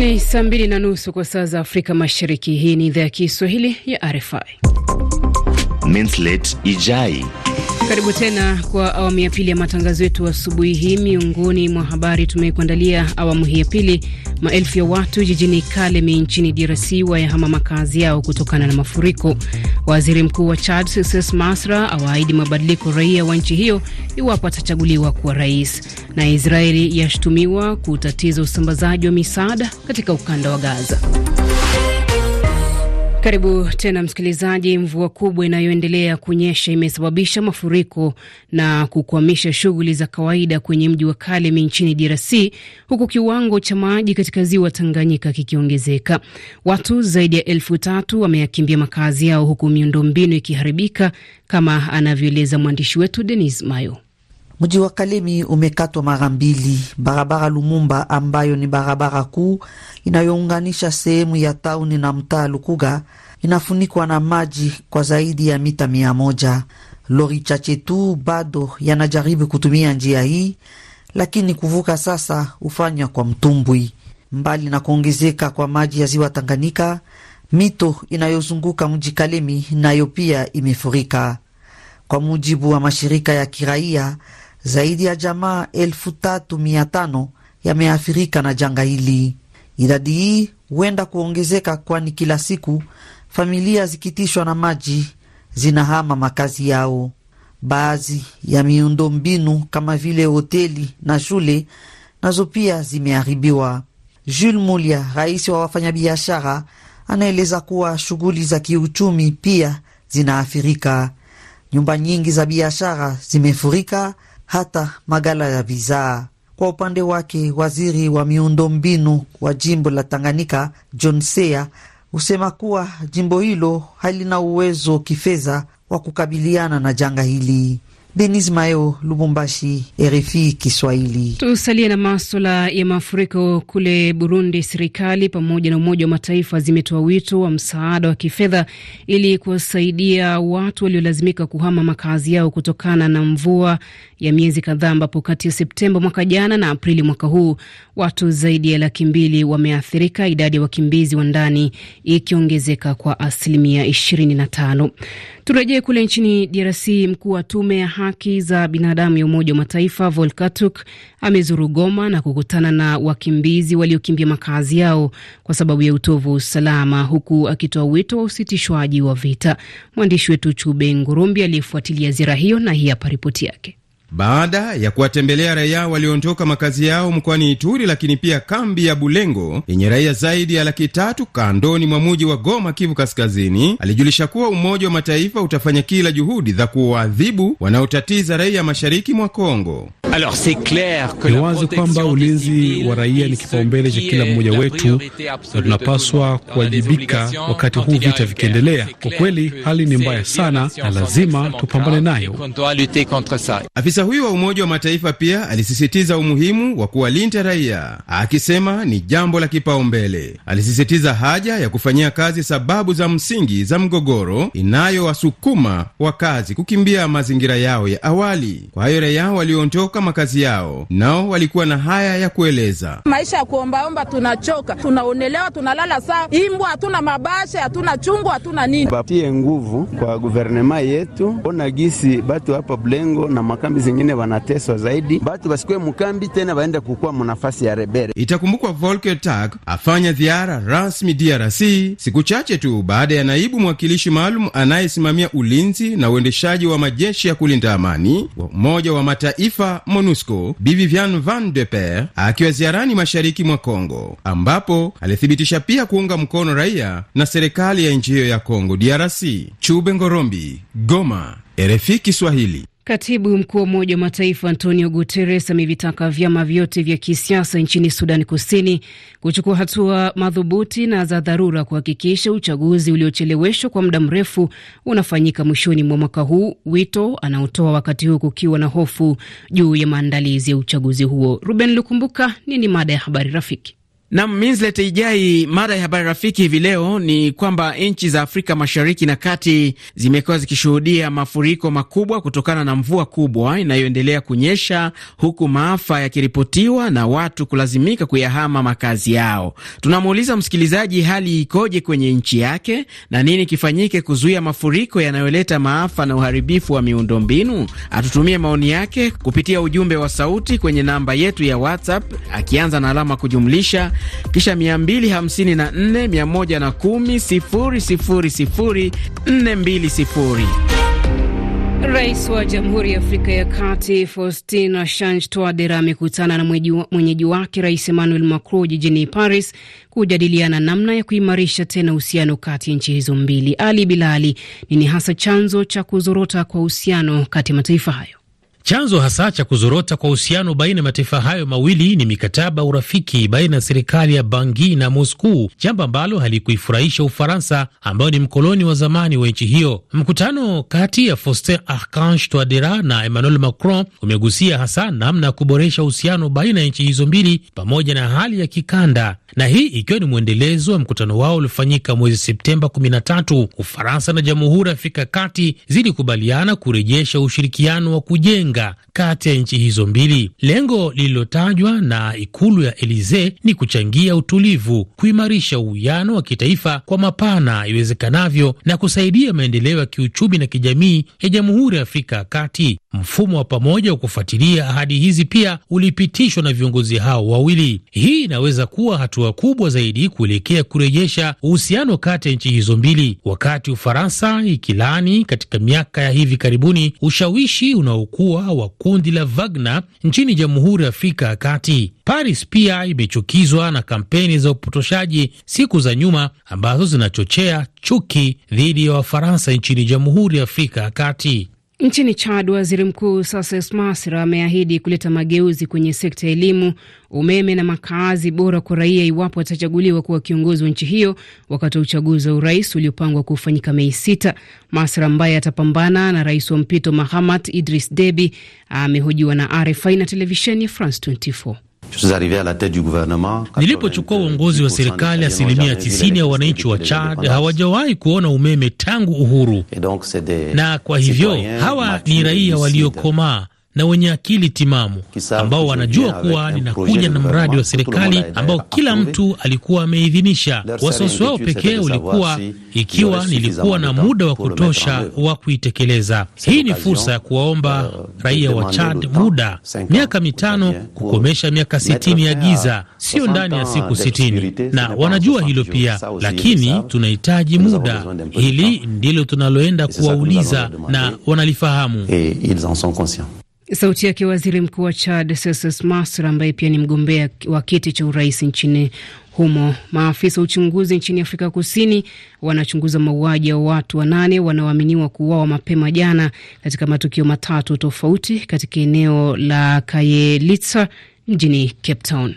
Ni saa mbili na nusu kwa saa za Afrika Mashariki. Hii ni idhaa ya Kiswahili ya RFI. Minslet Ijai karibu tena kwa awamu ya pili ya matangazo yetu asubuhi hii. Miongoni mwa habari tumekuandalia awamu hii ya pili: maelfu ya watu jijini Kalemi nchini DRC wayahama makazi yao kutokana na mafuriko. Waziri Mkuu wa Chad Succes Masra awaahidi mabadiliko raia wa nchi hiyo iwapo atachaguliwa kuwa rais. Na Israeli yashutumiwa kutatiza usambazaji wa misaada katika ukanda wa Gaza. Karibu tena msikilizaji. Mvua kubwa inayoendelea kunyesha imesababisha mafuriko na kukwamisha shughuli za kawaida kwenye mji wa Kalemi nchini DRC, huku kiwango cha maji katika ziwa Tanganyika kikiongezeka. Watu zaidi ya elfu tatu wameyakimbia makazi yao, huku miundombinu ikiharibika, kama anavyoeleza mwandishi wetu Denis Mayo. Mji wa Kalemi umekatwa mara mbili. Barabara Lumumba ambayo ni barabara kuu inayounganisha sehemu ya tauni na mtaa Lukuga inafunikwa na maji kwa zaidi ya mita mia moja. Lori chache tu bado yanajaribu kutumia njia hii, lakini kuvuka sasa hufanywa kwa mtumbwi. Mbali na kuongezeka kwa maji ya ziwa Tanganyika, mito inayozunguka mji Kalemi nayo pia imefurika. Kwa mujibu wa mashirika ya kiraia zaidi ya jamaa elfu tatu mia tano yameathirika na janga hili. Idadi hii huenda kuongezeka, kwani kila siku familia zikitishwa na maji zinahama makazi yao. Baadhi ya miundo mbinu kama vile hoteli na shule nazo pia zimeharibiwa. Jules Mulia, rais wa wafanyabiashara, anaeleza kuwa shughuli za kiuchumi pia zinaathirika. Nyumba nyingi za biashara zimefurika hata magala ya vizaa. Kwa upande wake, waziri wa miundombinu wa jimbo la Tanganyika John Seya husema kuwa jimbo hilo halina uwezo kifedha wa kukabiliana na janga hili. Denis Mayo, Lubumbashi, RFI Kiswahili. Tusalie na maswala ya mafuriko kule Burundi. Serikali pamoja na Umoja wa Mataifa zimetoa wito wa msaada wa kifedha ili kuwasaidia watu waliolazimika kuhama makazi yao kutokana na mvua ya miezi kadhaa, ambapo kati ya Septemba mwaka jana na Aprili mwaka huu watu zaidi ya laki mbili wameathirika, idadi ya wakimbizi wa ndani ikiongezeka kwa asilimia 25. Turejee kule nchini DRC. Mkuu wa tume ya haki za binadamu ya Umoja wa Mataifa Volkatuk amezuru Goma na kukutana na wakimbizi waliokimbia makazi yao kwa sababu ya utovu wa usalama, huku akitoa wito wa usitishwaji wa vita. Mwandishi wetu Chube Ngurumbi aliyefuatilia ziara hiyo, na hii hapa ripoti yake baada ya kuwatembelea raia walioondoka makazi yao mkoani Ituri, lakini pia kambi ya Bulengo yenye raia zaidi ya laki tatu kandoni mwa muji wa Goma, Kivu Kaskazini, alijulisha kuwa Umoja wa Mataifa utafanya kila juhudi za kuwaadhibu wanaotatiza raia mashariki mwa Kongo. Ni wazi kwamba ulinzi wa raia ni kipaumbele cha kila mmoja wetu, na tunapaswa kuwajibika wakati huu vita vikiendelea. Kwa kweli hali ni mbaya sana na lazima tupambane nayo. Afisa huyu wa Umoja wa Mataifa pia alisisitiza umuhimu wa kuwalinda raia, akisema ni jambo la kipaumbele. Alisisitiza haja ya kufanyia kazi sababu za msingi za mgogoro inayowasukuma wakazi kukimbia mazingira yao ya awali. Kwa hayo raia walioondoka kutoka makazi yao, nao walikuwa na haya ya kueleza: maisha ya kuombaomba, tunachoka, tunaonelewa, tunalala saa imbwa, hatuna mabashe hatuna chungu, hatuna nini. Batie nguvu kwa guvernema yetu, ona gisi batu hapa Blengo na makambi zingine wanateswa zaidi, batu basikuwe mukambi tena waende kukuwa munafasi ya rebere. Itakumbukwa Volker Turk afanya ziara rasmi DRC siku chache tu baada ya naibu mwakilishi maalum anayesimamia ulinzi na uendeshaji wa majeshi ya kulinda amani wa Umoja wa Mataifa MONUSCO Bivivian Van de Per akiwa ziarani mashariki mwa Kongo, ambapo alithibitisha pia kuunga mkono raia na serikali ya nchi hiyo ya Kongo DRC. Chube Ngorombi, Goma, RFI Kiswahili. Katibu mkuu wa Umoja wa Mataifa Antonio Guterres amevitaka vyama vyote vya kisiasa nchini Sudani Kusini kuchukua hatua madhubuti na za dharura kuhakikisha uchaguzi uliocheleweshwa kwa muda mrefu unafanyika mwishoni mwa mwaka huu, wito anaotoa wakati huu kukiwa na hofu juu ya maandalizi ya uchaguzi huo. Ruben Lukumbuka, nini mada ya habari rafiki? Nam Minslet Ijai, mada ya habari rafiki hivi leo ni kwamba nchi za Afrika Mashariki na Kati zimekuwa zikishuhudia mafuriko makubwa kutokana na mvua kubwa inayoendelea kunyesha, huku maafa yakiripotiwa na watu kulazimika kuyahama makazi yao. Tunamuuliza msikilizaji hali ikoje kwenye nchi yake na nini kifanyike kuzuia mafuriko yanayoleta maafa na uharibifu wa miundombinu. Atutumie maoni yake kupitia ujumbe wa sauti kwenye namba yetu ya WhatsApp akianza na alama kujumlisha kisha 254 Rais wa Jamhuri ya Afrika ya Kati Faustin Archange Touadera amekutana na mwenyeji wake Rais Emmanuel Macron jijini Paris kujadiliana namna ya kuimarisha tena uhusiano kati ya nchi hizo mbili. Ali Bilali, nini hasa chanzo cha kuzorota kwa uhusiano kati ya mataifa hayo? Chanzo hasa cha kuzorota kwa uhusiano baina ya mataifa hayo mawili ni mikataba urafiki baina ya serikali ya Bangi na Moscou, jambo ambalo halikuifurahisha Ufaransa ambayo ni mkoloni wa zamani wa nchi hiyo. Mkutano kati ya Faustin Archange Touadera na Emmanuel Macron umegusia hasa namna ya kuboresha uhusiano baina ya nchi hizo mbili pamoja na hali ya kikanda, na hii ikiwa ni mwendelezo wa mkutano wao uliofanyika mwezi Septemba 13. Ufaransa na Jamhuri ya Afrika Kati zilikubaliana kurejesha ushirikiano wa kujenga faragha kati ya nchi hizo mbili. Lengo lililotajwa na ikulu ya Elisee ni kuchangia utulivu, kuimarisha uwiano wa kitaifa kwa mapana iwezekanavyo, na kusaidia maendeleo ya kiuchumi na kijamii ya Jamhuri ya Afrika ya Kati. Mfumo wa pamoja wa kufuatilia ahadi hizi pia ulipitishwa na viongozi hao wawili. Hii inaweza kuwa hatua kubwa zaidi kuelekea kurejesha uhusiano kati ya nchi hizo mbili, wakati Ufaransa ikilani katika miaka ya hivi karibuni ushawishi unaokuwa mkubwa wa kundi la Wagner nchini Jamhuri ya Afrika ya Kati. Paris pia imechukizwa na kampeni za upotoshaji siku za nyuma ambazo zinachochea chuki dhidi ya Wafaransa nchini Jamhuri ya Afrika ya Kati. Nchini Chad, waziri mkuu Sases Masra ameahidi kuleta mageuzi kwenye sekta ya elimu, umeme na makaazi bora kwa raia iwapo atachaguliwa kuwa kiongozi wa nchi hiyo wakati wa uchaguzi wa urais uliopangwa kufanyika Mei sita. Masra ambaye atapambana na rais wa mpito Mahamat Idris Deby amehojiwa na RFI na televisheni ya France 24. Nilipochukua uongozi wa serikali, asilimia 90 ya wananchi wa Chad hawajawahi kuona umeme tangu uhuru, na kwa hivyo hawa ni raia waliokomaa na wenye akili timamu ambao wanajua kuwa ninakuja na mradi wa serikali ambao kila mtu alikuwa ameidhinisha. Wasiwasi wao pekee ulikuwa ikiwa nilikuwa na muda wa kutosha wa kuitekeleza. Hii ni fursa ya kuwaomba uh, raia wa Chad muda, miaka mitano kukomesha miaka sitini ya giza, sio ndani ya siku sitini, na wanajua hilo pia, lakini tunahitaji muda. Hili ndilo tunaloenda kuwauliza na wanalifahamu. Sauti yake waziri mkuu wa Chad Ses Masra, ambaye pia ni mgombea wa kiti cha urais nchini humo. Maafisa wa uchunguzi nchini Afrika Kusini wanachunguza mauaji ya watu wanane wanaoaminiwa kuuawa mapema jana katika matukio matatu tofauti katika eneo la Kayelitsa mjini Cape Town.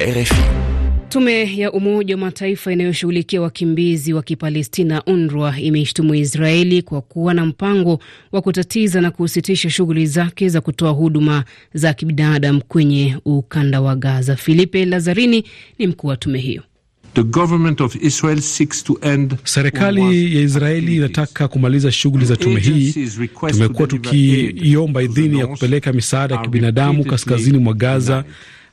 RFI. Tume ya Umoja wa Mataifa inayoshughulikia wakimbizi wa Kipalestina, UNRWA, imeishtumu Israeli kwa kuwa na mpango wa kutatiza na kusitisha shughuli zake za kutoa huduma za kibinadamu kwenye ukanda wa Gaza. Filipe Lazarini ni mkuu wa tume hiyo. Serikali ya Israeli inataka kumaliza shughuli za tume hii. Tumekuwa tukiiomba idhini ya kupeleka misaada ya kibinadamu kaskazini mwa Gaza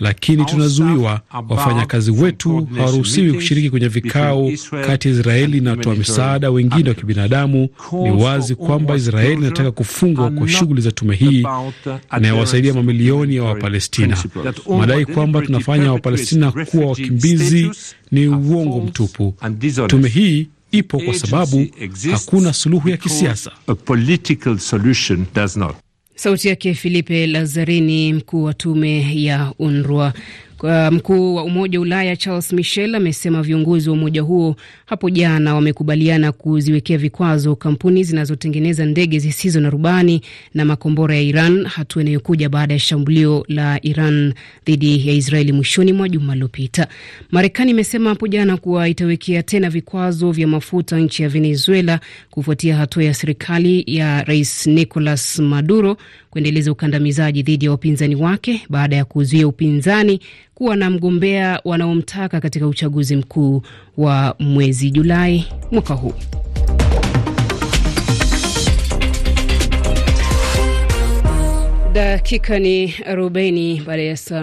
lakini tunazuiwa. Wafanyakazi wetu hawaruhusiwi kushiriki kwenye vikao kati ya Israeli na watoa misaada wengine wa kibinadamu. Ni wazi kwamba Israeli inataka kufungwa kwa shughuli za tume hii inayowasaidia mamilioni ya Wapalestina. Madai kwamba tunafanya Wapalestina kuwa wakimbizi ni uongo mtupu. Tume hii ipo kwa sababu hakuna suluhu ya kisiasa. Sauti yake Filipe Lazarini, mkuu wa tume ya UNRWA. Uh, mkuu wa Umoja wa Ulaya Charles Michel amesema viongozi wa umoja huo hapo jana wamekubaliana kuziwekea vikwazo kampuni zinazotengeneza ndege zisizo na rubani na makombora ya Iran, hatua inayokuja baada ya shambulio la Iran dhidi ya Israeli mwishoni mwa juma lilopita. Marekani imesema hapo jana kuwa itawekea tena vikwazo vya mafuta nchi ya Venezuela kufuatia hatua ya serikali ya Rais Nicolas Maduro kuendeleza ukandamizaji dhidi ya wapinzani wake baada ya kuzuia upinzani kuwa na mgombea wanaomtaka katika uchaguzi mkuu wa mwezi Julai mwaka huu. Dakika ni arobaini baada ya saa